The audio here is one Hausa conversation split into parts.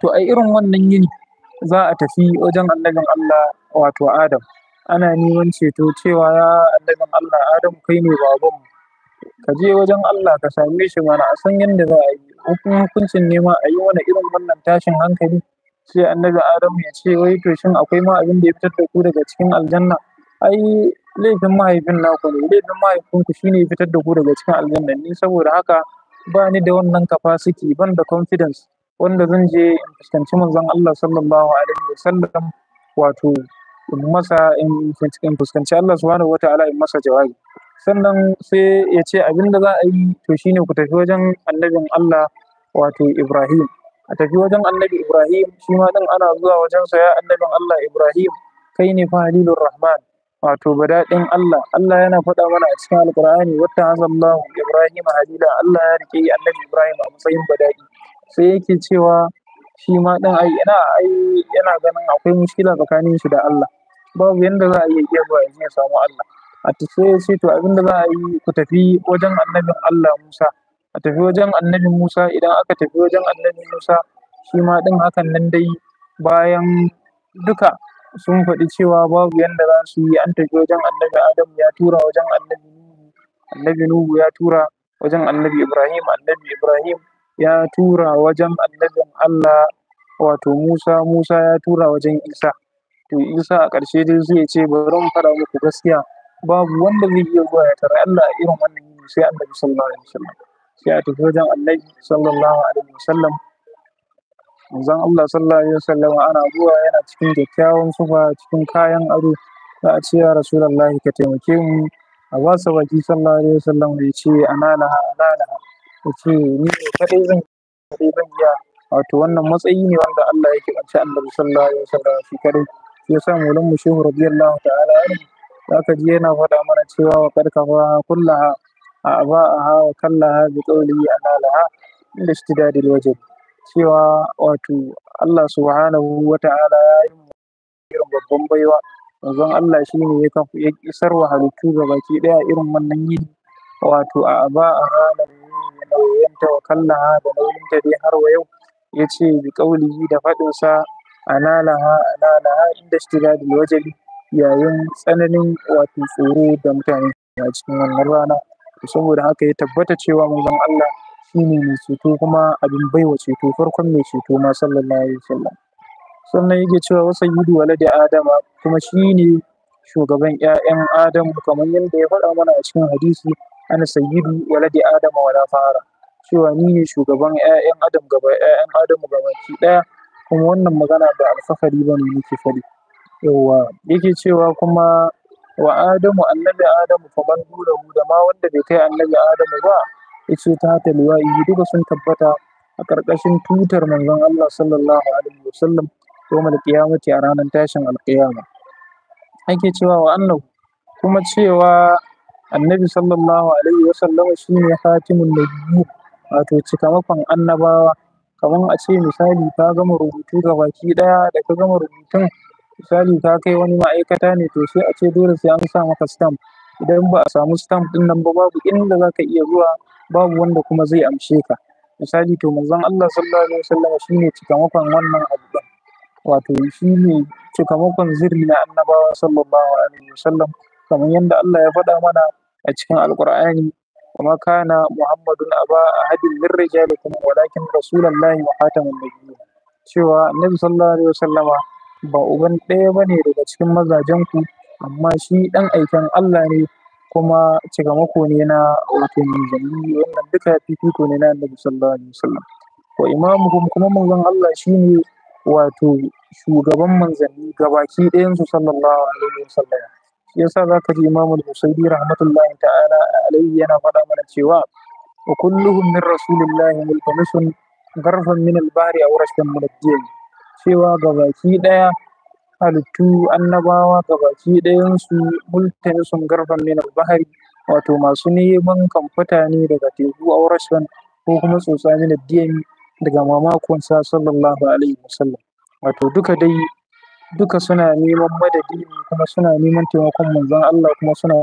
to a irin wannan yini za a tafi wajen annabin Allah wato Adam ana neman ceto cewa ya annabin Allah Adam kai ne babanmu. ka je wajen Allah ka same shi mana a san yadda za a yi hukuncin nema a yi wani irin wannan tashin hankali sai annabi Adam ya ce wai to shin akwai ma abin da ya fitar da ku daga cikin aljanna ai laifin mahaifin naku ne laifin mahaifinku shine ya fitar da ku daga cikin aljanna ni saboda haka ba ni da wannan capacity ban da confidence wanda zan je in fuskanci manzon Allah sallallahu alaihi wa sallam wato in masa in fuskanci Allah subhanahu ta'ala in masa jawabi sannan sai ya ce abin da za a yi to shine ku tafi wajen annabin Allah wato Ibrahim a tafi wajen annabi Ibrahim shi ma din ana zuwa wajen sa ya annabin Allah Ibrahim kai ne fa halilur rahman wato badaɗin Allah Allah yana faɗa mana a cikin alkur'ani wata hazallahu Ibrahim halila Allah ya rike annabi Ibrahim a matsayin badaɗi sai yake cewa shi ma ɗin ai yana ai yana ganin akwai mushkila tsakanin shi da Allah babu yanda za a iya iya zuwa ya samu Allah a tafi sai to abinda za a yi ku tafi wajen annabin Allah Musa a tafi wajen annabin Musa idan aka tafi wajen annabi Musa shi ma ɗin hakan nan dai bayan duka sun faɗi cewa babu yanda za su yi an tafi wajen annabi Adam ya tura wajen annabi Nuhu annabi Nuhu ya tura wajen annabi Ibrahim annabi Ibrahim ya tura wajen annabin Allah wato Musa Musa ya tura wajen Isa to Isa a ƙarshe dai zai ce bari mu fara muku gaskiya babu wanda zai iya zuwa ya tara Allah irin wannan yi sai annabi sallallahu alaihi wasallam sai a tafi wajen annabi sallallahu alaihi wasallam manzon Allah sallallahu alaihi wasallam ana zuwa yana cikin kyakkyawan sufa cikin kayan ado za a ce ya rasulullahi ka taimake mu a wasa baki sallallahu alaihi wasallam ya ce analaha analaha ya ce ni ne kadai zan kadai zan iya wato wannan matsayi ne wanda Allah ya kiranci Annabi sallallahu alaihi wasallam shi kadai shi yasa maulan mu shehu radiyallahu ta'ala anhu zaka ji yana faɗa mana cewa wa qad kafa kullaha aba'aha wa kallaha bi qawlihi analaha inda istidadil wajh cewa wato Allah subhanahu wa ya yi irin babban baiwa manzon Allah shi ne ya isar wa halittu ga baki daya irin wannan yini wato a aba'aha lahu nauyinta wa kallaha da nauyinta dai har wa yau ya ce bi ƙaulihi da faɗinsa analaha analaha inda da wajali yayin tsananin wato tsoro da mutane a cikin wannan rana saboda haka ya tabbata cewa manzon Allah shine mai ceto kuma abin baiwa ceto farkon mai ceto ma sallallahu alaihi wasallam sannan yake cewa wasan yudu walade adama kuma shine shugaban 'ya'yan adamu kamar yadda ya faɗa mana a cikin hadisi ana sayyidu waladi adama la fara cewa ni ne shugaban ƴaƴan adam gaba ƴaƴan adamu gaba ki ɗaya kuma wannan magana ba alfahari ba ne nake faɗi yawwa yake cewa kuma wa adamu annabi adamu faman mu da ma wanda bai kai annabi adamu ba yace ta hata yi. duka sun tabbata a ƙarƙashin tutar manzon Allah sallallahu alaihi wasallam yawm al kiyamati a ranar tashin alƙiyama. ake cewa wa annahu kuma cewa annabi sallallahu alaihi wasallam shine khatimun nabiyyi wato cikamakon annabawa kamar a ce misali ka gama rubutu ga baki daya da ka gama rubutun misali ka kai wani ma'aikata ne to sai a ce dole sai an sa maka stamp idan ba a samu stamp din nan ba babu inda zaka iya zuwa babu wanda kuma zai amshe ka misali to manzon Allah sallallahu alaihi wasallam shine cikamakon wannan abu Wato wato shine cikamakon zirri na annabawa sallallahu alaihi wasallam kamar yadda Allah ya faɗa mana a cikin Alƙur'ani, kuma kana muhammadun aba ahadin min rijalikum walakin rasulullahi wa khatamun nabiyyin cewa annabi sallallahu alaihi wasallama ba uban ɗaya bane daga cikin mazajen ku amma shi ɗan aikan Allah ne kuma mako ne na wato manzanni wannan duka fifiko ne na annabi sallallahu alaihi wasallam wa imamuhum kuma manzon Allah shine wato shugaban manzanni gabaki ɗayan su sallallahu alaihi wasallam Ya yasa za ka ji da musaidi rahmatullahi ta'ala Alayhi yana faɗa mana cewa wa kulluhum min rasulillahi mulkamisun garfan min al a aw rashkan cewa cewa baki daya halittu annabawa gabaki baki su mulkamisun garfan min al wato masu neman kamfata ne daga teku a rashkan ko kuma tsotsa min daga mamakon sa sallallahu alaihi wasallam wato duka dai duka suna neman madadi kuma suna neman taimakon manzon Allah kuma suna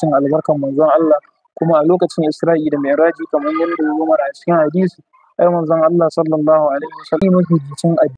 cin albarkan manzon Allah kuma a lokacin Isra'i da Mi'raji kamar yadda ya a cikin hadisi ai manzon Allah sallallahu alaihi wasallam mafi cikin